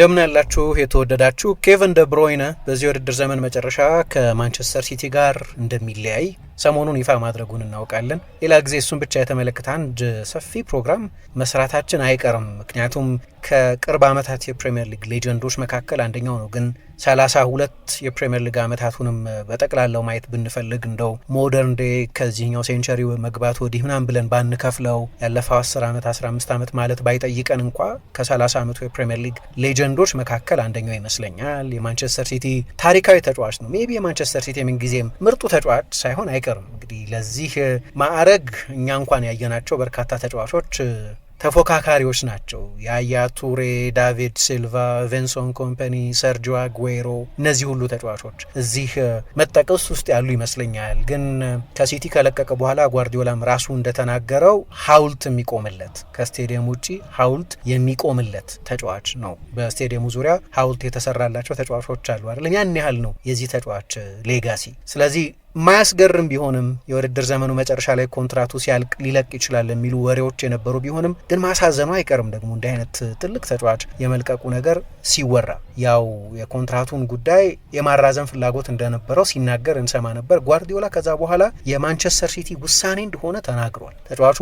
እንደምን ያላችሁ የተወደዳችሁ ኬቨን ደብሮይነ በዚህ ውድድር ዘመን መጨረሻ ከማንቸስተር ሲቲ ጋር እንደሚለያይ ሰሞኑን ይፋ ማድረጉን እናውቃለን። ሌላ ጊዜ እሱን ብቻ የተመለከተ አንድ ሰፊ ፕሮግራም መስራታችን አይቀርም። ምክንያቱም ከቅርብ ዓመታት የፕሪምየር ሊግ ሌጀንዶች መካከል አንደኛው ነው። ግን ሰላሳ ሁለት የፕሪምየር ሊግ ዓመታቱንም በጠቅላላው ማየት ብንፈልግ እንደው ሞደርን ዴ ከዚህኛው ሴንቸሪ መግባት ወዲህ ምናምን ብለን ባንከፍለው ያለፈው 10 ዓመት 15 ዓመት ማለት ባይጠይቀን እንኳ ከ30 ዓመቱ የፕሪምየር ሊግ ሌጀንዶች መካከል አንደኛው ይመስለኛል። የማንቸስተር ሲቲ ታሪካዊ ተጫዋች ነው። ሜቢ የማንቸስተር ሲቲ የምንጊዜም ምርጡ ተጫዋች ሳይሆን አይቀርም አይቀርም። እንግዲህ ለዚህ ማዕረግ እኛ እንኳን ያየናቸው በርካታ ተጫዋቾች ተፎካካሪዎች ናቸው። ያያ ቱሬ፣ ዳቪድ ሲልቫ፣ ቬንሶን ኮምፐኒ፣ ሰርጂዮ አጉዌሮ እነዚህ ሁሉ ተጫዋቾች እዚህ መጠቀስ ውስጥ ያሉ ይመስለኛል። ግን ከሲቲ ከለቀቀ በኋላ ጓርዲዮላም ራሱ እንደተናገረው ሐውልት የሚቆምለት ከስቴዲየም ውጭ ሐውልት የሚቆምለት ተጫዋች ነው። በስቴዲየሙ ዙሪያ ሐውልት የተሰራላቸው ተጫዋቾች አሉ አይደለም? ያን ያህል ነው የዚህ ተጫዋች ሌጋሲ። ስለዚህ ማያስገርም ቢሆንም የውድድር ዘመኑ መጨረሻ ላይ ኮንትራቱ ሲያልቅ ሊለቅ ይችላል የሚሉ ወሬዎች የነበሩ ቢሆንም ግን ማሳዘኑ አይቀርም። ደግሞ እንዲህ አይነት ትልቅ ተጫዋች የመልቀቁ ነገር ሲወራ ያው የኮንትራቱን ጉዳይ የማራዘም ፍላጎት እንደነበረው ሲናገር እንሰማ ነበር። ጓርዲዮላ ከዛ በኋላ የማንቸስተር ሲቲ ውሳኔ እንደሆነ ተናግሯል። ተጫዋቹ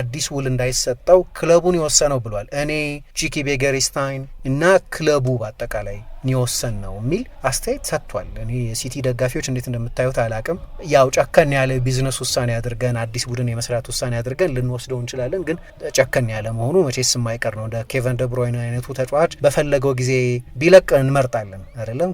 አዲስ ውል እንዳይሰጠው ክለቡን የወሰነው ብሏል። እኔ ቺኪ ቤገሪስታይን እና ክለቡ በአጠቃላይ ኒወሰን ነው የሚል አስተያየት ሰጥቷል። እኔ የሲቲ ደጋፊዎች እንዴት እንደምታዩት አላቅም። ያው ጨከን ያለ ቢዝነስ ውሳኔ አድርገን አዲስ ቡድን የመስራት ውሳኔ አድርገን ልንወስደው እንችላለን፣ ግን ጨከን ያለ መሆኑ መቼስ የማይቀር ነው። እንደ ኬቨን ደብሮይን አይነቱ ተጫዋች በፈለገው ጊዜ ቢለቅ እንመርጣለን አይደለም።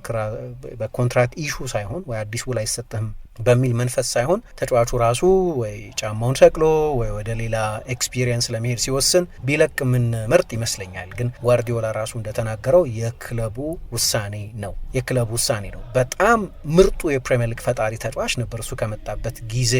በኮንትራት ኢሹ ሳይሆን ወይ አዲስ ውል አይሰጥህም በሚል መንፈስ ሳይሆን ተጫዋቹ ራሱ ወይ ጫማውን ሰቅሎ ወይ ወደ ሌላ ኤክስፒሪየንስ ለመሄድ ሲወስን ቢለቅ ምን ምርጥ ይመስለኛል። ግን ጓርዲዮላ ራሱ እንደተናገረው የክለቡ ውሳኔ ነው፣ የክለቡ ውሳኔ ነው። በጣም ምርጡ የፕሪምየር ሊግ ፈጣሪ ተጫዋች ነበር እሱ ከመጣበት ጊዜ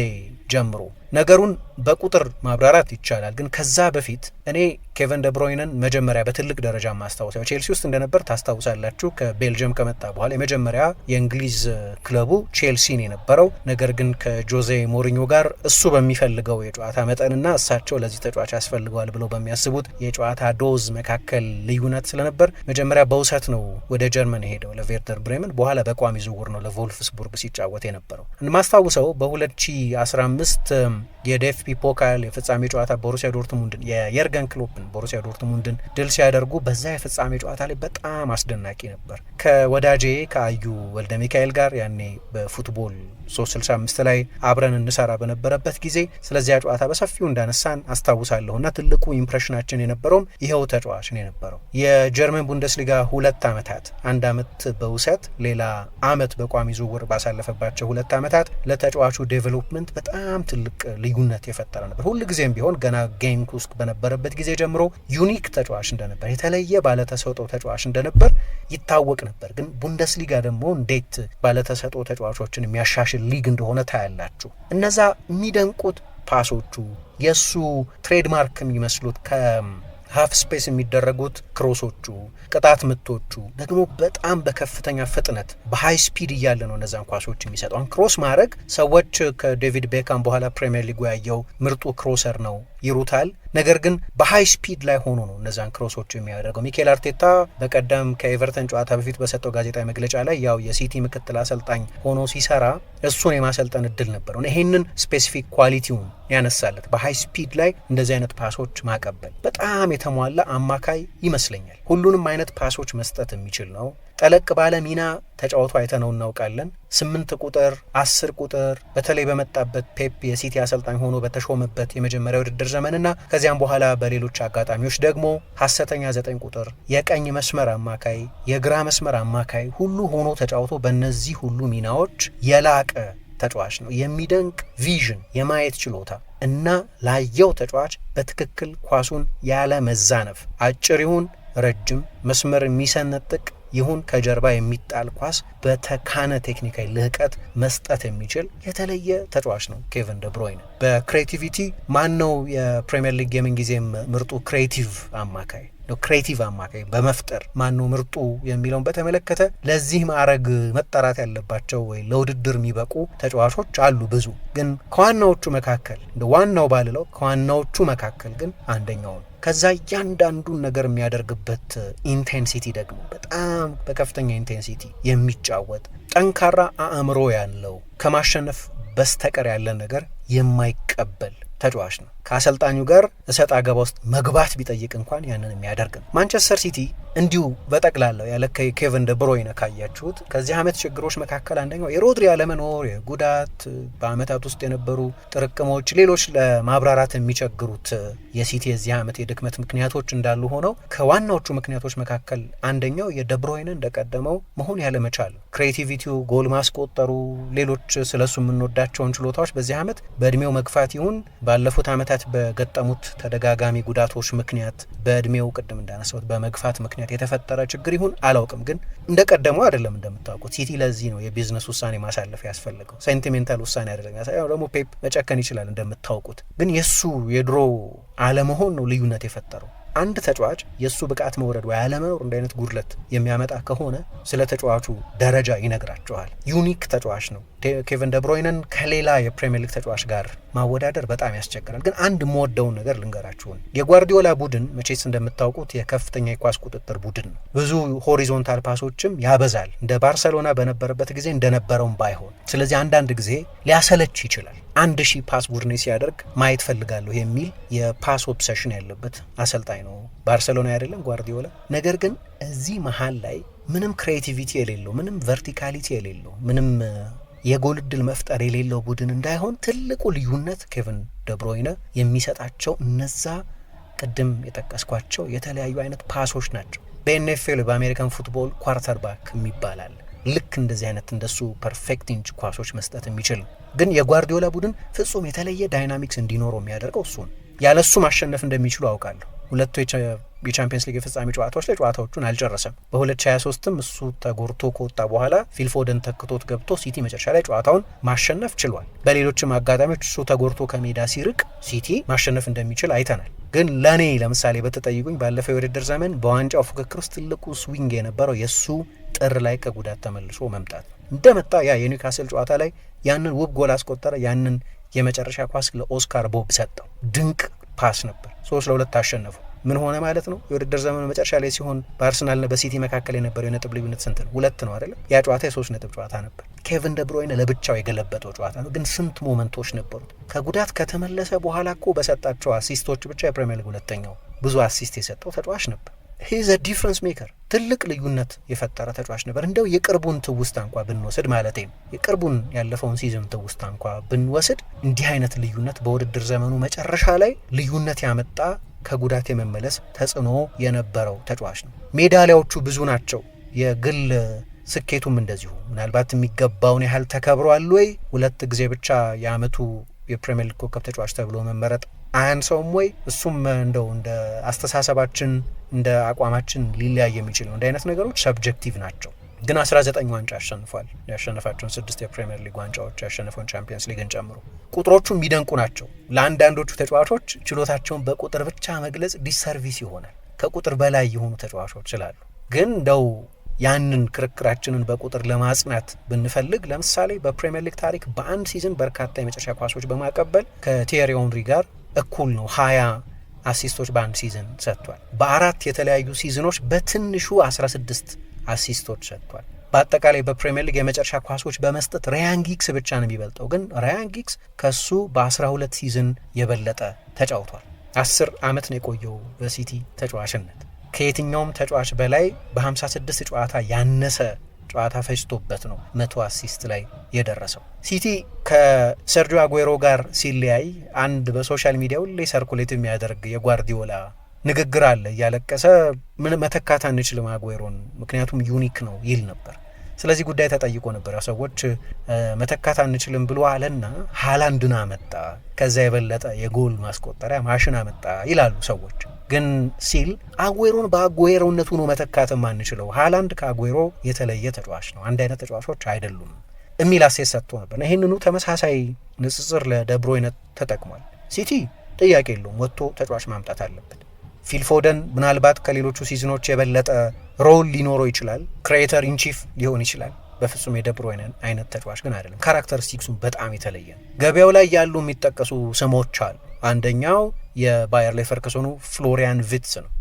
ጀምሮ ነገሩን በቁጥር ማብራራት ይቻላል። ግን ከዛ በፊት እኔ ኬቨን ደብሮይነን መጀመሪያ በትልቅ ደረጃ ማስታወሳው ቼልሲ ውስጥ እንደነበር ታስታውሳላችሁ። ከቤልጅየም ከመጣ በኋላ የመጀመሪያ የእንግሊዝ ክለቡ ቼልሲን የነበረው ነገር ግን ከጆዜ ሞሪኞ ጋር እሱ በሚፈልገው የጨዋታ መጠንና እሳቸው ለዚህ ተጫዋች ያስፈልገዋል ብለው በሚያስቡት የጨዋታ ዶዝ መካከል ልዩነት ስለነበር መጀመሪያ በውሰት ነው ወደ ጀርመን የሄደው ለቬርደር ብሬመን፣ በኋላ በቋሚ ዝውውር ነው ለቮልፍስቡርግ ሲጫወት የነበረው ማስታውሰው በ2015 አምስት የዴፍቢ ፖካል የፍጻሜ ጨዋታ ቦሩሲያ ዶርትሙንድን የየርገን ክሎፕን ቦሩሲያ ዶርትሙንድን ድል ሲያደርጉ በዛ የፍጻሜ ጨዋታ ላይ በጣም አስደናቂ ነበር። ከወዳጄ ከአዩ ወልደ ሚካኤል ጋር ያኔ በፉትቦል 365 ላይ አብረን እንሰራ በነበረበት ጊዜ ስለዚያ ጨዋታ በሰፊው እንዳነሳን አስታውሳለሁ እና ትልቁ ኢምፕሬሽናችን የነበረውም ይኸው ተጫዋች ነው የነበረው። የጀርመን ቡንደስሊጋ ሁለት ዓመታት አንድ ዓመት በውሰት ሌላ ዓመት በቋሚ ዝውውር ባሳለፈባቸው ሁለት ዓመታት ለተጫዋቹ ዴቨሎፕመንት በጣም በጣም ትልቅ ልዩነት የፈጠረ ነበር። ጊዜም ቢሆን ገና ጌም ውስጥ በነበረበት ጊዜ ጀምሮ ዩኒክ ተጫዋች እንደነበር፣ የተለየ ባለተሰጦ ተጫዋች እንደነበር ይታወቅ ነበር። ግን ቡንደስሊጋ ደግሞ እንዴት ባለተሰጦ ተጫዋቾችን የሚያሻሽል ሊግ እንደሆነ ታያላችሁ። እነዛ የሚደንቁት ፓሶቹ የእሱ ትሬድማርክ የሚመስሉት ከ ሀፍ ስፔስ የሚደረጉት ክሮሶቹ፣ ቅጣት ምቶቹ ደግሞ በጣም በከፍተኛ ፍጥነት በሀይ ስፒድ እያለ ነው እነዛን ኳሶች የሚሰጠውን ክሮስ ማድረግ ሰዎች ከዴቪድ ቤካም በኋላ ፕሪምየር ሊጉ ያየው ምርጡ ክሮሰር ነው ይሩታል። ነገር ግን በሀይ ስፒድ ላይ ሆኖ ነው እነዛን ክሮሶች የሚያደርገው። ሚኬል አርቴታ በቀደም ከኤቨርተን ጨዋታ በፊት በሰጠው ጋዜጣዊ መግለጫ ላይ ያው የሲቲ ምክትል አሰልጣኝ ሆኖ ሲሰራ እሱን የማሰልጠን እድል ነበረው። ይሄንን ስፔሲፊክ ኳሊቲውን ያነሳለት በሃይ ስፒድ ላይ እንደዚህ አይነት ፓሶች ማቀበል በጣም የተሟላ አማካይ ይመስለኛል። ሁሉንም አይነት ፓሶች መስጠት የሚችል ነው። ጠለቅ ባለ ሚና ተጫውቶ አይተነው እናውቃለን። ስምንት ቁጥር አስር ቁጥር በተለይ በመጣበት ፔፕ የሲቲ አሰልጣኝ ሆኖ በተሾመበት የመጀመሪያ ውድድር ዘመንና ከዚያም በኋላ በሌሎች አጋጣሚዎች ደግሞ ሀሰተኛ ዘጠኝ ቁጥር፣ የቀኝ መስመር አማካይ፣ የግራ መስመር አማካይ ሁሉ ሆኖ ተጫውቶ በእነዚህ ሁሉ ሚናዎች የላቀ ተጫዋች ነው። የሚደንቅ ቪዥን የማየት ችሎታ እና ላየው ተጫዋች በትክክል ኳሱን ያለ መዛነፍ አጭር ይሁን ረጅም መስመር የሚሰነጥቅ ይሁን ከጀርባ የሚጣል ኳስ በተካነ ቴክኒካዊ ልህቀት መስጠት የሚችል የተለየ ተጫዋች ነው ኬቨን ደብሮይነ። በክሬቲቪቲ ማን ነው የፕሪምየር ሊግ የምን ጊዜም ምርጡ ክሬቲቭ አማካይ ነው ክሬቲቭ አማካይ በመፍጠር ማኑ ምርጡ የሚለውን በተመለከተ ለዚህ ማዕረግ መጠራት ያለባቸው ወይ ለውድድር የሚበቁ ተጫዋቾች አሉ ብዙ። ግን ከዋናዎቹ መካከል እንደ ዋናው ባልለው ከዋናዎቹ መካከል ግን አንደኛው ነው። ከዛ እያንዳንዱን ነገር የሚያደርግበት ኢንቴንሲቲ ደግሞ በጣም በከፍተኛ ኢንቴንሲቲ የሚጫወት ጠንካራ አእምሮ ያለው ከማሸነፍ በስተቀር ያለ ነገር የማይቀበል ተጫዋች ነው። ከአሰልጣኙ ጋር እሰጥ አገባ ውስጥ መግባት ቢጠይቅ እንኳን ያንን የሚያደርግ ነው። ማንቸስተር ሲቲ እንዲሁ በጠቅላላው ያለ ኬቨን ደብሮይነ ካያችሁት ከዚህ ዓመት ችግሮች መካከል አንደኛው የሮድሪ አለመኖር፣ የጉዳት በአመታት ውስጥ የነበሩ ጥርቅሞች፣ ሌሎች ለማብራራት የሚቸግሩት የሲቲ የዚህ ዓመት የድክመት ምክንያቶች እንዳሉ ሆነው ከዋናዎቹ ምክንያቶች መካከል አንደኛው የደብሮይነ እንደቀደመው መሆን ያለመቻል፣ ክሬቲቪቲው፣ ጎል ማስቆጠሩ፣ ሌሎች ስለሱ የምንወዳቸውን ችሎታዎች በዚህ ዓመት በእድሜው መግፋት ይሁን ባለፉት ዓመታት በገጠሙት ተደጋጋሚ ጉዳቶች ምክንያት በእድሜው ቅድም እንዳነሳሁት በመግፋት ምክንያት የተፈጠረ ችግር ይሁን አላውቅም፣ ግን እንደ ቀደመው አይደለም። እንደምታውቁት ሲቲ ለዚህ ነው የቢዝነስ ውሳኔ ማሳለፍ ያስፈልገው። ሴንቲሜንታል ውሳኔ አይደለም ያሳየው። ደግሞ ፔፕ መጨከን ይችላል እንደምታውቁት፣ ግን የእሱ የድሮ አለመሆን ነው ልዩነት የፈጠረው። አንድ ተጫዋች የእሱ ብቃት መውረድ ወይ አለመኖር እንደ አይነት ጉድለት የሚያመጣ ከሆነ ስለ ተጫዋቹ ደረጃ ይነግራችኋል። ዩኒክ ተጫዋች ነው። ኬቨን ደብሮይነን ከሌላ የፕሪሚየር ሊግ ተጫዋች ጋር ማወዳደር በጣም ያስቸግራል። ግን አንድ የምወደውን ነገር ልንገራችሁን። የጓርዲዮላ ቡድን መቼስ እንደምታውቁት የከፍተኛ የኳስ ቁጥጥር ቡድን ነው። ብዙ ሆሪዞንታል ፓሶችም ያበዛል፣ እንደ ባርሰሎና በነበረበት ጊዜ እንደነበረውም ባይሆን። ስለዚህ አንዳንድ ጊዜ ሊያሰለች ይችላል። አንድ ሺህ ፓስ ቡድኔ ሲያደርግ ማየት ፈልጋለሁ የሚል የፓስ ኦብሰሽን ያለበት አሰልጣኝ ነው ባርሰሎና አይደለም ጓርዲዮላ። ነገር ግን እዚህ መሀል ላይ ምንም ክሬቲቪቲ የሌለው ምንም ቨርቲካሊቲ የሌለው ምንም የጎል እድል መፍጠር የሌለው ቡድን እንዳይሆን ትልቁ ልዩነት ኬቨን ደብሮይነ የሚሰጣቸው እነዛ ቅድም የጠቀስኳቸው የተለያዩ አይነት ፓሶች ናቸው። በኤንኤፍኤል በአሜሪካን ፉትቦል ኳርተር ባክ ይባላል። ልክ እንደዚህ አይነት እንደሱ ፐርፌክት ኢንች ኳሶች መስጠት የሚችል ግን የጓርዲዮላ ቡድን ፍጹም የተለየ ዳይናሚክስ እንዲኖረው የሚያደርገው እሱ ነው። ያለሱ ማሸነፍ እንደሚችሉ አውቃለሁ። ሁለቱ የቻምፒየንስ ሊግ የፍጻሜ ጨዋታዎች ላይ ጨዋታዎቹን አልጨረሰም። በ2023ም እሱ ተጎርቶ ከወጣ በኋላ ፊልፎደን ተክቶት ገብቶ ሲቲ መጨረሻ ላይ ጨዋታውን ማሸነፍ ችሏል። በሌሎችም አጋጣሚዎች እሱ ተጎርቶ ከሜዳ ሲርቅ ሲቲ ማሸነፍ እንደሚችል አይተናል። ግን ለእኔ ለምሳሌ በተጠይቁኝ ባለፈው የውድድር ዘመን በዋንጫው ፉክክር ውስጥ ትልቁ ስዊንግ የነበረው የእሱ ጥር ላይ ከጉዳት ተመልሶ መምጣት እንደመጣ ያ የኒውካስል ጨዋታ ላይ ያንን ውብ ጎል አስቆጠረ። ያንን የመጨረሻ ኳስ ለኦስካር ቦብ ሰጠው። ድንቅ ፓስ ነበር። ሶስት ለሁለት አሸነፉ። ምን ሆነ ማለት ነው? የውድድር ዘመኑ መጨረሻ ላይ ሲሆን በአርሰናልና በሲቲ መካከል የነበረው የነጥብ ልዩነት ስንት ነው? ሁለት ነው አይደለም? ያ ጨዋታ የሶስት ነጥብ ጨዋታ ነበር። ኬቨን ደብሮይነ ለብቻው የገለበጠው ጨዋታ ነው። ግን ስንት ሞመንቶች ነበሩት። ከጉዳት ከተመለሰ በኋላ እኮ በሰጣቸው አሲስቶች ብቻ የፕሪሚየር ሊግ ሁለተኛው ብዙ አሲስት የሰጠው ተጫዋች ነበር። ሂዘ ዲፍረንስ ሜከር ትልቅ ልዩነት የፈጠረ ተጫዋች ነበር። እንደው የቅርቡን ትውስታ እንኳ ብንወስድ ማለት ነው የቅርቡን ያለፈውን ሲዝን ትውስታ እንኳ ብንወስድ እንዲህ አይነት ልዩነት በውድድር ዘመኑ መጨረሻ ላይ ልዩነት ያመጣ ከጉዳት የመመለስ ተጽዕኖ የነበረው ተጫዋች ነው። ሜዳሊያዎቹ ብዙ ናቸው። የግል ስኬቱም እንደዚሁ ምናልባት የሚገባውን ያህል ተከብሯል ወይ? ሁለት ጊዜ ብቻ የአመቱ የፕሪምየር ሊግ ኮከብ ተጫዋች ተብሎ መመረጥ አያንሰውም ወይ? እሱም እንደው እንደ አስተሳሰባችን እንደ አቋማችን ሊለያይ የሚችል ነው። እንደ አይነት ነገሮች ሰብጀክቲቭ ናቸው። ግን 19 ዋንጫ አሸንፏል። ያሸነፋቸውን ስድስት የፕሪምየር ሊግ ዋንጫዎች ያሸነፈውን ቻምፒየንስ ሊግን ጨምሮ ቁጥሮቹ የሚደንቁ ናቸው። ለአንዳንዶቹ ተጫዋቾች ችሎታቸውን በቁጥር ብቻ መግለጽ ዲሰርቪስ ይሆናል። ከቁጥር በላይ የሆኑ ተጫዋቾች ስላሉ ግን እንደው ያንን ክርክራችንን በቁጥር ለማጽናት ብንፈልግ ለምሳሌ በፕሪምየር ሊግ ታሪክ በአንድ ሲዝን በርካታ የመጨረሻ ኳሶች በማቀበል ከቴሪ ኦንሪ ጋር እኩል ነው። ሀያ አሲስቶች በአንድ ሲዝን ሰጥቷል። በአራት የተለያዩ ሲዝኖች በትንሹ 16 አሲስቶች ሰጥቷል። በአጠቃላይ በፕሪምየር ሊግ የመጨረሻ ኳሶች በመስጠት ራያን ጊግስ ብቻ ነው የሚበልጠው። ግን ራያን ጊግስ ከሱ በ12 ሲዝን የበለጠ ተጫውቷል። አስር ዓመት ነው የቆየው በሲቲ ተጫዋችነት። ከየትኛውም ተጫዋች በላይ በ56 ጨዋታ ያነሰ ጨዋታ ፈጅቶበት ነው መቶ አሲስት ላይ የደረሰው። ሲቲ ከሰርጂዮ አጉዌሮ ጋር ሲለያይ አንድ በሶሻል ሚዲያ ሁሌ ሰርኩሌት የሚያደርግ የጓርዲዮላ ንግግር አለ። እያለቀሰ ምን መተካት አንችልም አጉዌሮን ምክንያቱም ዩኒክ ነው ይል ነበር። ስለዚህ ጉዳይ ተጠይቆ ነበር። ሰዎች መተካት አንችልም ብሎ አለና ሀላንድን አመጣ፣ ከዛ የበለጠ የጎል ማስቆጠሪያ ማሽን አመጣ ይላሉ ሰዎች። ግን ሲል አጉዌሮን በአጉዌሮነቱ ነው መተካትም አንችለው፣ ሀላንድ ከአጉዌሮ የተለየ ተጫዋች ነው፣ አንድ አይነት ተጫዋቾች አይደሉም የሚል አሴት ሰጥቶ ነበር። ይህንኑ ተመሳሳይ ንጽጽር ለደብሮይነት ተጠቅሟል። ሲቲ ጥያቄ የለውም፣ ወጥቶ ተጫዋች ማምጣት አለበት። ፊልፎደን ምናልባት ከሌሎቹ ሲዝኖች የበለጠ ሮል ሊኖረው ይችላል። ክሬተር ኢንቺፍ ሊሆን ይችላል። በፍጹም የደብሮይነ አይነት ተጫዋች ግን አይደለም። ካራክተሪስቲክሱ በጣም የተለየ ነው። ገበያው ላይ ያሉ የሚጠቀሱ ስሞች አሉ። አንደኛው የባየር ሌቨርኩሰኑ ፍሎሪያን ቪትስ ነው።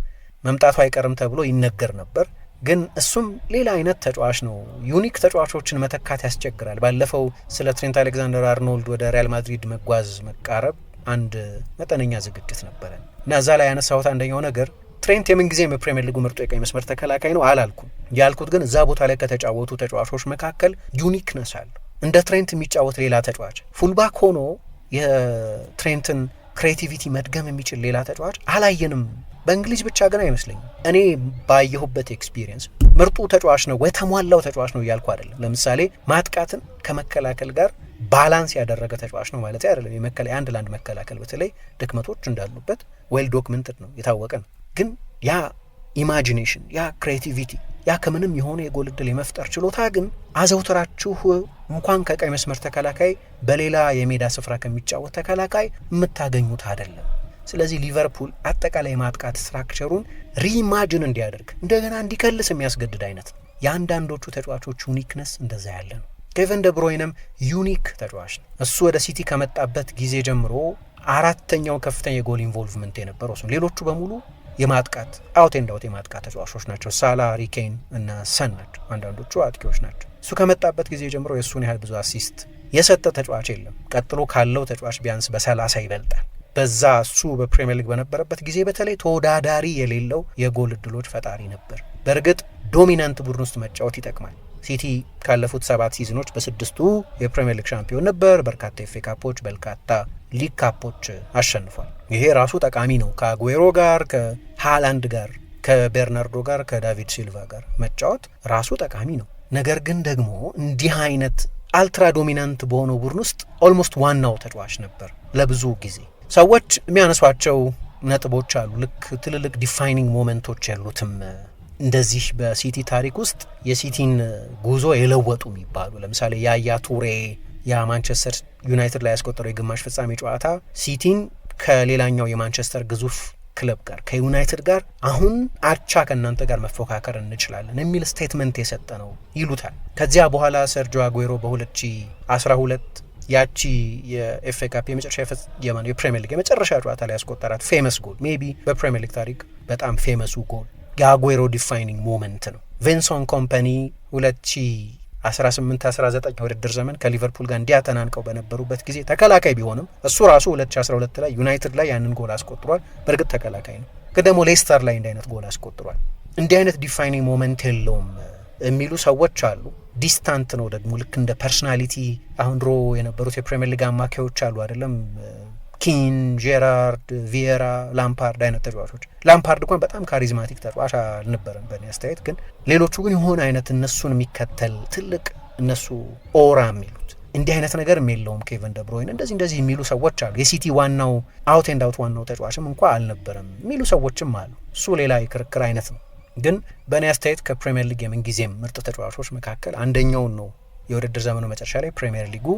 መምጣቱ አይቀርም ተብሎ ይነገር ነበር፣ ግን እሱም ሌላ አይነት ተጫዋች ነው። ዩኒክ ተጫዋቾችን መተካት ያስቸግራል። ባለፈው ስለ ትሬንት አሌክዛንደር አርኖልድ ወደ ሪያል ማድሪድ መጓዝ መቃረብ አንድ መጠነኛ ዝግጅት ነበረን እና እዛ ላይ ያነሳሁት አንደኛው ነገር ትሬንት የምን ጊዜም ሊጉ ምርጡ የቀኝ መስመር ተከላካይ ነው አላልኩም። ያልኩት ግን እዛ ቦታ ላይ ከተጫወቱ ተጫዋቾች መካከል ዩኒክነስ አለ። እንደ ትሬንት የሚጫወት ሌላ ተጫዋች ፉልባክ ሆኖ የትሬንትን ክሬቲቪቲ መድገም የሚችል ሌላ ተጫዋች አላየንም። በእንግሊዝ ብቻ ግን አይመስለኝም። እኔ ባየሁበት ኤክስፒሪየንስ ምርጡ ተጫዋች ነው ወይ ተሟላው ተጫዋች ነው እያልኩ አይደለም። ለምሳሌ ማጥቃትን ከመከላከል ጋር ባላንስ ያደረገ ተጫዋች ነው ማለት አይደለም። የመከላ አንድ ለአንድ መከላከል በተለይ ድክመቶች እንዳሉበት ዌል ዶክመንትድ ነው የታወቀ ነው። ግን ያ ኢማጂኔሽን፣ ያ ክሬቲቪቲ፣ ያ ከምንም የሆነ የጎል እድል የመፍጠር ችሎታ ግን አዘውትራችሁ እንኳን ከቀይ መስመር ተከላካይ በሌላ የሜዳ ስፍራ ከሚጫወት ተከላካይ የምታገኙት አይደለም። ስለዚህ ሊቨርፑል አጠቃላይ ማጥቃት ስትራክቸሩን ሪኢማጅን እንዲያደርግ እንደገና እንዲከልስ የሚያስገድድ አይነት ነው። የአንዳንዶቹ ተጫዋቾች ዩኒክነስ እንደዛ ያለ ነው። ኬቨን ደብሮይንም ዩኒክ ተጫዋች ነው። እሱ ወደ ሲቲ ከመጣበት ጊዜ ጀምሮ አራተኛው ከፍተኛ የጎል ኢንቮልቭመንት የነበረው እሱ። ሌሎቹ በሙሉ የማጥቃት አውት ኤንድ አውት የማጥቃት ተጫዋቾች ናቸው። ሳላ፣ ሪኬን እና ሰን ናቸው። አንዳንዶቹ አጥቂዎች ናቸው። እሱ ከመጣበት ጊዜ ጀምሮ የእሱን ያህል ብዙ አሲስት የሰጠ ተጫዋች የለም። ቀጥሎ ካለው ተጫዋች ቢያንስ በሰላሳ ይበልጣል። በዛ እሱ በፕሪምየር ሊግ በነበረበት ጊዜ በተለይ ተወዳዳሪ የሌለው የጎል እድሎች ፈጣሪ ነበር። በእርግጥ ዶሚናንት ቡድን ውስጥ መጫወት ይጠቅማል። ሲቲ ካለፉት ሰባት ሲዝኖች በስድስቱ የፕሪምየር ሊግ ሻምፒዮን ነበር። በርካታ ኤፍ ኤ ካፖች፣ በርካታ ሊግ ካፖች አሸንፏል። ይሄ ራሱ ጠቃሚ ነው። ከአጉዌሮ ጋር፣ ከሃላንድ ጋር፣ ከቤርናርዶ ጋር፣ ከዳቪድ ሲልቫ ጋር መጫወት ራሱ ጠቃሚ ነው። ነገር ግን ደግሞ እንዲህ አይነት አልትራ ዶሚናንት በሆነው ቡድን ውስጥ ኦልሞስት ዋናው ተጫዋች ነበር ለብዙ ጊዜ። ሰዎች የሚያነሷቸው ነጥቦች አሉ። ልክ ትልልቅ ዲፋይኒንግ ሞመንቶች ያሉትም እንደዚህ በሲቲ ታሪክ ውስጥ የሲቲን ጉዞ የለወጡ የሚባሉ ለምሳሌ ያያ ቱሬ የማንቸስተር ማንቸስተር ዩናይትድ ላይ ያስቆጠረው የግማሽ ፍጻሜ ጨዋታ ሲቲን ከሌላኛው የማንቸስተር ግዙፍ ክለብ ጋር ከዩናይትድ ጋር አሁን አቻ ከእናንተ ጋር መፎካከር እንችላለን የሚል ስቴትመንት የሰጠ ነው ይሉታል። ከዚያ በኋላ ሰርጆ አጉዌሮ በ2012 ያቺ የኤፍኤ ካፕ የመጨረሻ የፕሪሚየር ሊግ የመጨረሻ ጨዋታ ላይ ያስቆጠራት ፌመስ ጎል ሜይ ቢ በፕሪሚየር ሊግ ታሪክ በጣም ፌመሱ ጎል የአጉሮ ዲፋይኒንግ ሞመንት ነው። ቬንሶን ኮምፓኒ 2018 19 ውድድር ዘመን ከሊቨርፑል ጋር እንዲያተናንቀው በነበሩበት ጊዜ ተከላካይ ቢሆንም እሱ ራሱ 2012 ላይ ዩናይትድ ላይ ያንን ጎል አስቆጥሯል። በእርግጥ ተከላካይ ነው፣ ግን ደግሞ ሌስተር ላይ እንዲህ አይነት ጎል አስቆጥሯል። እንዲህ አይነት ዲፋይኒንግ ሞመንት የለውም የሚሉ ሰዎች አሉ። ዲስታንት ነው ደግሞ ልክ እንደ ፐርሶናሊቲ። አሁን ድሮ የነበሩት የፕሪምየር ሊግ አማካዮች አሉ አይደለም ኪን፣ ጄራርድ፣ ቪየራ፣ ላምፓርድ አይነት ተጫዋቾች። ላምፓርድ እንኳን በጣም ካሪዝማቲክ ተጫዋች አልነበረም በእኔ አስተያየት። ግን ሌሎቹ ግን የሆነ አይነት እነሱን የሚከተል ትልቅ እነሱ ኦራ የሚሉት እንዲህ አይነት ነገር የለውም። ኬቨን ደብሮይን እንደዚህ እንደዚህ የሚሉ ሰዎች አሉ። የሲቲ ዋናው አውት ኤንድ አውት ዋናው ተጫዋችም እንኳ አልነበረም የሚሉ ሰዎችም አሉ። እሱ ሌላ የክርክር አይነት ነው። ግን በእኔ አስተያየት ከፕሪምየር ሊግ የምንጊዜም ምርጥ ተጫዋቾች መካከል አንደኛውን ነው የውድድር ዘመኑ መጨረሻ ላይ ፕሪምየር ሊጉ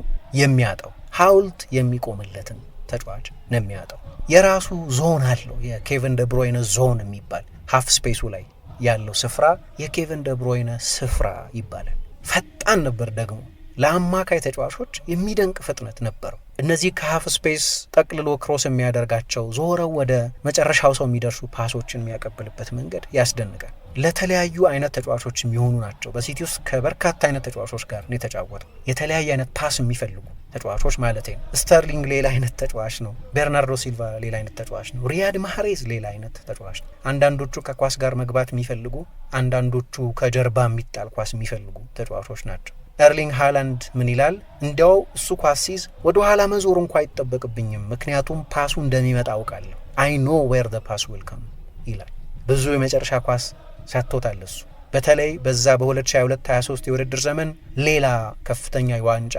የሚያጣው ሀውልት የሚቆምለትን ተጫዋች ነው የሚያጣው። የራሱ ዞን አለው፣ የኬቨን ደብሮይነ ዞን የሚባል ሀፍ ስፔሱ ላይ ያለው ስፍራ የኬቨን ደብሮይነ ስፍራ ይባላል። ፈጣን ነበር ደግሞ ለአማካይ ተጫዋቾች የሚደንቅ ፍጥነት ነበረው። እነዚህ ከሀፍ ስፔስ ጠቅልሎ ክሮስ የሚያደርጋቸው ዞረው ወደ መጨረሻው ሰው የሚደርሱ ፓሶችን የሚያቀብልበት መንገድ ያስደንቃል። ለተለያዩ አይነት ተጫዋቾች የሚሆኑ ናቸው። በሲቲ ውስጥ ከበርካታ አይነት ተጫዋቾች ጋር ነው የተጫወተው። የተለያየ አይነት ፓስ የሚፈልጉ ተጫዋቾች ማለት ነው። ስተርሊንግ ሌላ አይነት ተጫዋች ነው። ቤርናርዶ ሲልቫ ሌላ አይነት ተጫዋች ነው። ሪያድ ማህሬዝ ሌላ አይነት ተጫዋች ነው። አንዳንዶቹ ከኳስ ጋር መግባት የሚፈልጉ፣ አንዳንዶቹ ከጀርባ የሚጣል ኳስ የሚፈልጉ ተጫዋቾች ናቸው። ኤርሊንግ ሃላንድ ምን ይላል? እንዲያው እሱ ኳስ ሲይዝ ወደ ኋላ መዞር እንኳ አይጠበቅብኝም፣ ምክንያቱም ፓሱ እንደሚመጣ አውቃለሁ። አይ ኖ ዌር ዘ ፓስ ዌልከም ይላል። ብዙ የመጨረሻ ኳስ ሰጥቶታል እሱ በተለይ በዛ በ2022/23 የውድድር ዘመን ሌላ ከፍተኛ የዋንጫ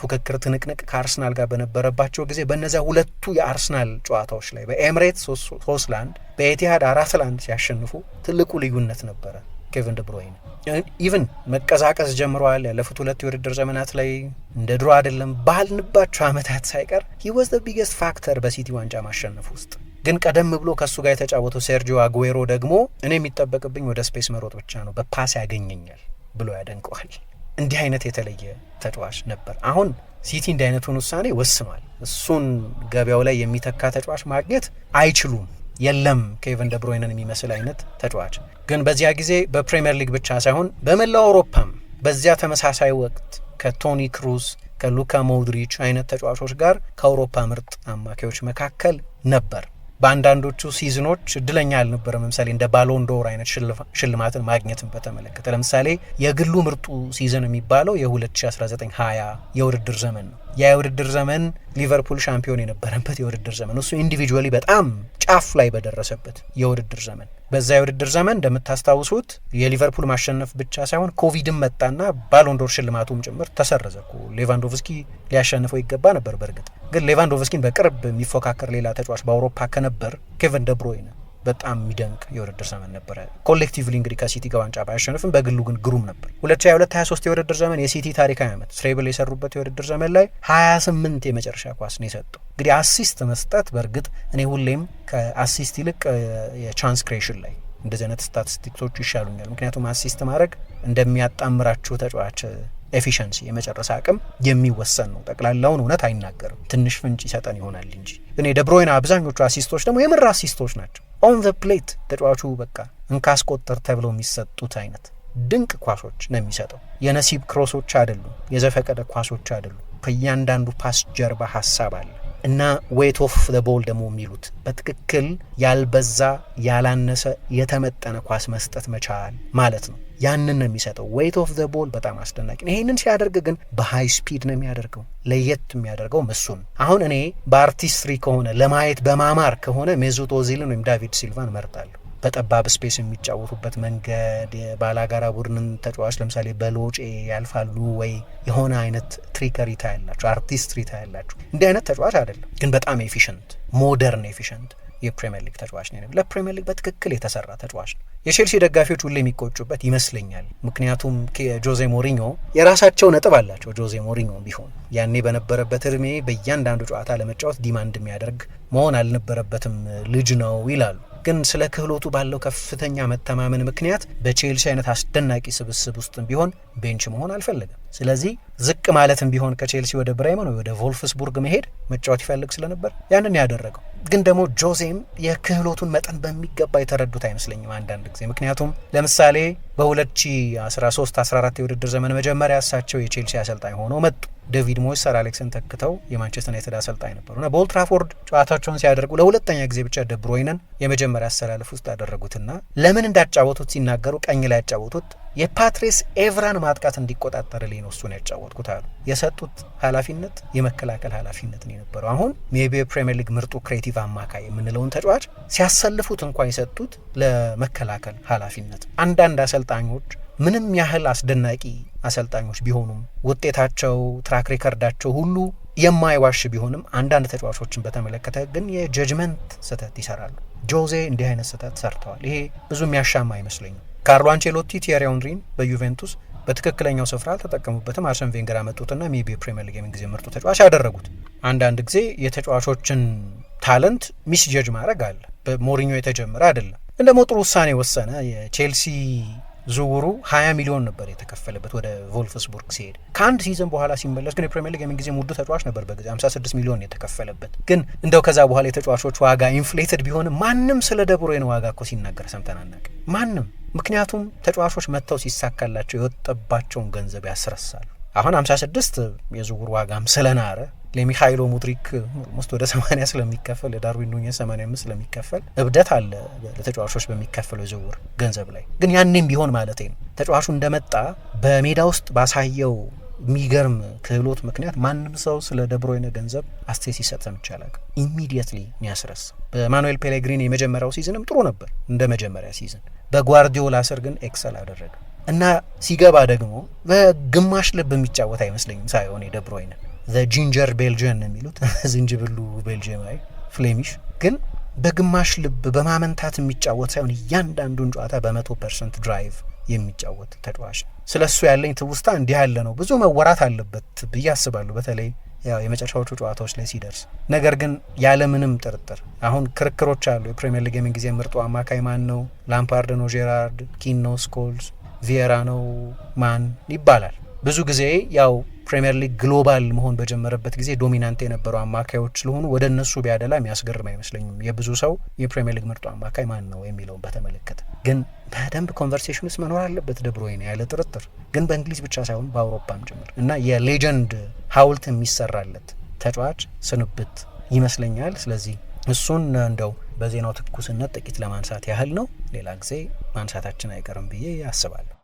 ፉክክር ትንቅንቅ ከአርሰናል ጋር በነበረባቸው ጊዜ በእነዚያ ሁለቱ የአርሰናል ጨዋታዎች ላይ በኤምሬት ሶስት ለአንድ በኤቲሃድ አራት ለአንድ ሲያሸንፉ ትልቁ ልዩነት ነበረ። ኬቨን ደብሮይን ኢቨን መቀዛቀዝ ጀምረዋል። ያለፉት ሁለት የውድድር ዘመናት ላይ እንደ ድሮ አይደለም ባልንባቸው አመታት ሳይቀር ሂ ዘ ቢገስት ፋክተር በሲቲ ዋንጫ ማሸነፍ ውስጥ። ግን ቀደም ብሎ ከእሱ ጋር የተጫወተው ሴርጂዮ አጉዌሮ ደግሞ እኔ የሚጠበቅብኝ ወደ ስፔስ መሮጥ ብቻ ነው፣ በፓስ ያገኘኛል ብሎ ያደንቀዋል። እንዲህ አይነት የተለየ ተጫዋች ነበር። አሁን ሲቲ እንዲህ አይነቱን ውሳኔ ወስኗል። እሱን ገበያው ላይ የሚተካ ተጫዋች ማግኘት አይችሉም። የለም ኬቨን ደብሮይንን የሚመስል አይነት ተጫዋች። ግን በዚያ ጊዜ በፕሪምየር ሊግ ብቻ ሳይሆን በመላው አውሮፓም በዚያ ተመሳሳይ ወቅት ከቶኒ ክሩስ ከሉካ ሞድሪች አይነት ተጫዋቾች ጋር ከአውሮፓ ምርጥ አማካዮች መካከል ነበር። በአንዳንዶቹ ሲዝኖች እድለኛ አልነበረም። ለምሳሌ እንደ ባሎንዶር አይነት ሽልማትን ማግኘትን በተመለከተ ለምሳሌ የግሉ ምርጡ ሲዝን የሚባለው የ2019/20 የውድድር ዘመን ነው። ያ የውድድር ዘመን ሊቨርፑል ሻምፒዮን የነበረበት የውድድር ዘመን፣ እሱ ኢንዲቪጁዋሊ በጣም ጫፍ ላይ በደረሰበት የውድድር ዘመን በዛ የውድድር ዘመን እንደምታስታውሱት የሊቨርፑል ማሸነፍ ብቻ ሳይሆን ኮቪድም መጣና ባሎንዶር ሽልማቱም ጭምር ተሰረዘ እኮ። ሌቫንዶቭስኪ ሊያሸንፈው ይገባ ነበር። በእርግጥ ግን ሌቫንዶቭስኪን በቅርብ የሚፎካከር ሌላ ተጫዋች በአውሮፓ ከነበር ኬቨን ደብሮይነ በጣም የሚደንቅ የውድድር ዘመን ነበረ። ኮሌክቲቭሊ እንግዲህ ከሲቲ ጋር ዋንጫ ባያሸንፍም በግሉ ግን ግሩም ነበር። 2022/23 የውድድር ዘመን የሲቲ ታሪካዊ ዓመት ትሬብል የሰሩበት የውድድር ዘመን ላይ 28 የመጨረሻ ኳስ ነው የሰጠው። እንግዲህ አሲስት መስጠት በእርግጥ እኔ ሁሌም ከአሲስት ይልቅ የቻንስ ክሬሽን ላይ እንደዚህ አይነት ስታቲስቲክሶቹ ይሻሉኛል። ምክንያቱም አሲስት ማድረግ እንደሚያጣምራችሁ ተጫዋች ኤፊሽንሲ የመጨረስ አቅም የሚወሰን ነው። ጠቅላላውን እውነት አይናገርም። ትንሽ ፍንጭ ይሰጠን ይሆናል እንጂ እኔ ደብሮይና አብዛኞቹ አሲስቶች ደግሞ የምር አሲስቶች ናቸው። ኦን ዘ ፕሌት ተጫዋቹ በቃ እንካስቆጠር ተብለው የሚሰጡት አይነት ድንቅ ኳሶች ነው የሚሰጠው። የነሲብ ክሮሶች አይደሉም፣ የዘፈቀደ ኳሶች አይደሉም። ከእያንዳንዱ ፓስ ጀርባ ሀሳብ አለ እና ዌት ኦፍ ዘ ቦል ደግሞ የሚሉት በትክክል ያልበዛ ያላነሰ የተመጠነ ኳስ መስጠት መቻል ማለት ነው። ያንን ነው የሚሰጠው። ዌይት ኦፍ ዘ ቦል በጣም አስደናቂ ነው። ይህንን ሲያደርግ ግን በሃይ ስፒድ ነው የሚያደርገው። ለየት የሚያደርገው እሱ ነው። አሁን እኔ በአርቲስትሪ ከሆነ ለማየት በማማር ከሆነ ሜሱት ኦዚልን ወይም ዳቪድ ሲልቫን መርጣለሁ። በጠባብ ስፔስ የሚጫወቱበት መንገድ የባላጋራ ቡድንን ተጫዋች ለምሳሌ በሎጬ ያልፋሉ ወይ የሆነ አይነት ትሪከሪ ታያላችሁ፣ አርቲስትሪ ታያላችሁ። እንዲህ አይነት ተጫዋች አይደለም ግን በጣም ኤፊሽንት ሞደርን ኤፊሽንት የፕሪምየር ሊግ ተጫዋች ነው። ለፕሪምየር ሊግ በትክክል የተሰራ ተጫዋች ነው። የቼልሲ ደጋፊዎች ሁሌ የሚቆጩበት ይመስለኛል። ምክንያቱም ጆዜ ሞሪኞ የራሳቸው ነጥብ አላቸው። ጆዜ ሞሪኞ ቢሆን ያኔ በነበረበት እድሜ በእያንዳንዱ ጨዋታ ለመጫወት ዲማንድ የሚያደርግ መሆን አልነበረበትም፣ ልጅ ነው ይላሉ። ግን ስለ ክህሎቱ ባለው ከፍተኛ መተማመን ምክንያት በቼልሲ አይነት አስደናቂ ስብስብ ውስጥም ቢሆን ቤንች መሆን አልፈለገም። ስለዚህ ዝቅ ማለትም ቢሆን ከቼልሲ ወደ ብራይመን ወደ ቮልፍስቡርግ መሄድ መጫወት ይፈልግ ስለነበር ያንን ያደረገው። ግን ደግሞ ጆዜም የክህሎቱን መጠን በሚገባ የተረዱት አይመስለኝም አንዳንድ ጊዜ። ምክንያቱም ለምሳሌ በ2013/14 የውድድር ዘመን መጀመሪያ እሳቸው የቼልሲ አሰልጣኝ ሆነው መጡ። ዴቪድ ሞይስ ሰር አሌክስን ተክተው የማንቸስተር ዩናይትድ አሰልጣኝ ነበሩ እና በኦልትራፎርድ ጨዋታቸውን ሲያደርጉ ለሁለተኛ ጊዜ ብቻ ደብሮይነን የመጀመሪያ አሰላለፍ ውስጥ አደረጉትና ለምን እንዳጫወቱት ሲናገሩ ቀኝ ላይ ያጫወቱት የፓትሪስ ኤቭራን ማጥቃት እንዲቆጣጠርልኝ ነው እሱን ያጫወትኩት አሉ። የሰጡት ኃላፊነት የመከላከል ኃላፊነት ነው የነበረው። አሁን ሜቢ የፕሪምየር ሊግ ምርጡ ክሬቲቭ አማካይ የምንለውን ተጫዋች ሲያሰልፉት እንኳን የሰጡት ለመከላከል ኃላፊነት። አንዳንድ አሰልጣኞች ምንም ያህል አስደናቂ አሰልጣኞች ቢሆኑም ውጤታቸው፣ ትራክ ሪከርዳቸው ሁሉ የማይዋሽ ቢሆንም አንዳንድ ተጫዋቾችን በተመለከተ ግን የጀጅመንት ስህተት ይሰራሉ። ጆዜ እንዲህ አይነት ስህተት ሰርተዋል። ይሄ ብዙ የሚያሻማ አይመስለኝም። ካርሎ አንቸሎቲ ቲየሪ ሄንሪን በዩቬንቱስ በትክክለኛው ስፍራ አልተጠቀሙበትም። አርሰን ቬንገር አመጡትና ሜቢ የፕሪሚየር ሊግ የምን ጊዜ ምርጡ ተጫዋች ያደረጉት። አንዳንድ ጊዜ የተጫዋቾችን ታለንት ሚስጀጅ ማድረግ አለ። በሞሪኞ የተጀመረ አይደለም። ግን ጥሩ ውሳኔ ወሰነ። የቼልሲ ዝውውሩ 20 ሚሊዮን ነበር የተከፈለበት ወደ ቮልፍስቡርግ ሲሄድ። ከአንድ ሲዘን በኋላ ሲመለስ ግን የፕሪሚየር ሊግ የምንጊዜ ውዱ ተጫዋች ነበር በጊዜ 56 ሚሊዮን የተከፈለበት። ግን እንደው ከዛ በኋላ የተጫዋቾች ዋጋ ኢንፍሌትድ ቢሆንም ማንም ስለ ደብሮይን ዋጋ እኮ ሲናገር ሰምተን አናውቅም። ማንም ምክንያቱም ተጫዋቾች መጥተው ሲሳካላቸው የወጠባቸውን ገንዘብ ያስረሳሉ። አሁን 56 የዝውውር ዋጋም ስለናረ ለሚካይሎ ሙድሪክ ሞስት ወደ 80 ስለሚከፈል ለዳርዊን ኑኛ 85 ስለሚከፈል እብደት አለ ለተጫዋቾች በሚከፈለው የዝውውር ገንዘብ ላይ። ግን ያኔም ቢሆን ማለት ነው ተጫዋቹ እንደመጣ በሜዳ ውስጥ ባሳየው የሚገርም ክህሎት ምክንያት ማንም ሰው ስለ ደብሮይነ ገንዘብ አስተያየት ሲሰጥ ሰምቻለሁ። ኢሚዲየትሊ ሚያስረሳ በማኑኤል ፔሌግሪን የመጀመሪያው ሲዝንም ጥሩ ነበር እንደ መጀመሪያ ሲዝን በጓርዲዮላ ስር ግን ኤክሰል አደረገ እና ሲገባ ደግሞ በግማሽ ልብ የሚጫወት አይመስለኝም ሳይሆን የደብሮ አይነ ጂንጀር ቤልጅየን የሚሉት ዝንጅብሉ ቤልጅየማዊ ፍሌሚሽ ግን በግማሽ ልብ በማመንታት የሚጫወት ሳይሆን እያንዳንዱን ጨዋታ በመቶ ፐርሰንት ድራይቭ የሚጫወት ተጫዋች። ስለ እሱ ያለኝ ትውስታ እንዲህ ያለ ነው። ብዙ መወራት አለበት ብዬ አስባለሁ። በተለይ ያው የመጨረሻዎቹ ጨዋታዎች ላይ ሲደርስ ነገር ግን ያለምንም ጥርጥር አሁን ክርክሮች አሉ። የፕሪሚየር ሊግ የምን ጊዜ ምርጡ አማካይ ማን ነው? ላምፓርድ ነው? ጄራርድ ኪን ነው? ስኮልስ ቪየራ ነው? ማን ይባላል? ብዙ ጊዜ ያው ፕሪምየር ሊግ ግሎባል መሆን በጀመረበት ጊዜ ዶሚናንት የነበሩ አማካዮች ስለሆኑ ወደ እነሱ ቢያደላ የሚያስገርም አይመስለኝም። የብዙ ሰው የፕሪምየር ሊግ ምርጡ አማካይ ማን ነው የሚለውን በተመለከተ ግን በደንብ ኮንቨርሴሽን ውስጥ መኖር አለበት ደብሮይን ያለ ጥርጥር። ግን በእንግሊዝ ብቻ ሳይሆን በአውሮፓም ጭምር እና የሌጀንድ ሀውልት የሚሰራለት ተጫዋች ስንብት ይመስለኛል። ስለዚህ እሱን እንደው በዜናው ትኩስነት ጥቂት ለማንሳት ያህል ነው። ሌላ ጊዜ ማንሳታችን አይቀርም ብዬ አስባለሁ።